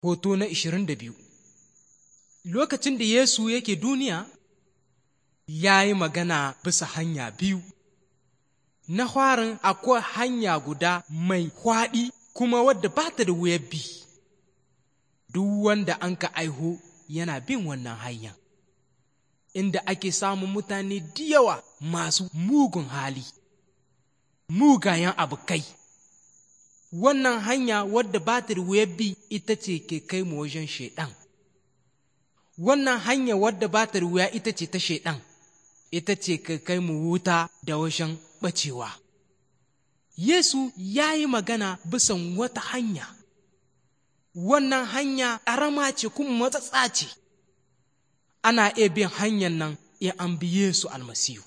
hoto na 22 lokacin da Yesu yake duniya ya yi magana bisa hanya biyu na farin akwai hanya guda mai kwaɗi kuma wadda ba ta da wuya bi duk wanda an ka aiho yana bin wannan hanya inda ake samun mutane diyawa masu mugun hali mugayen abokai wannan hanya wadda ba ta da bi ita ce ke kai mu wajen shaiɗan wannan hanya wadda ba ta wuya ita ce ta shaiɗan ita ce ke kai mu wuta da wajen ɓacewa yesu ya yi magana bisan wata hanya wannan hanya ƙarama ce kuma matsatsa ce ana iya bin hanyar nan in an bi yesu almasihu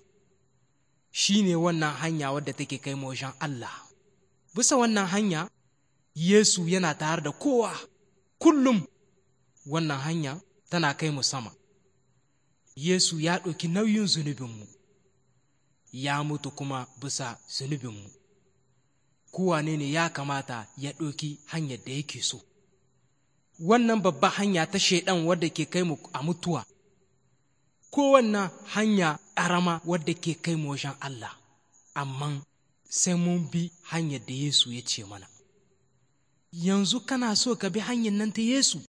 shi ne wannan hanya wadda take kai mu wajen allah bisa wannan hanya yesu yana tare da kowa kullum wannan hanya tana kai mu sama yesu ya ɗauki nauyin zunubinmu ya mutu kuma bisa zunubinmu kowa ne ya kamata ya ɗauki hanyar da yake so wannan babba hanya ta shaidan wadda ke kai mu a mutuwa ko wannan hanya ƙarama wadda ke kai mu wajen Allah amma sai mun bi hanyar da Yesu ya ce mana yanzu kana so ka bi hanyar nan ta Yesu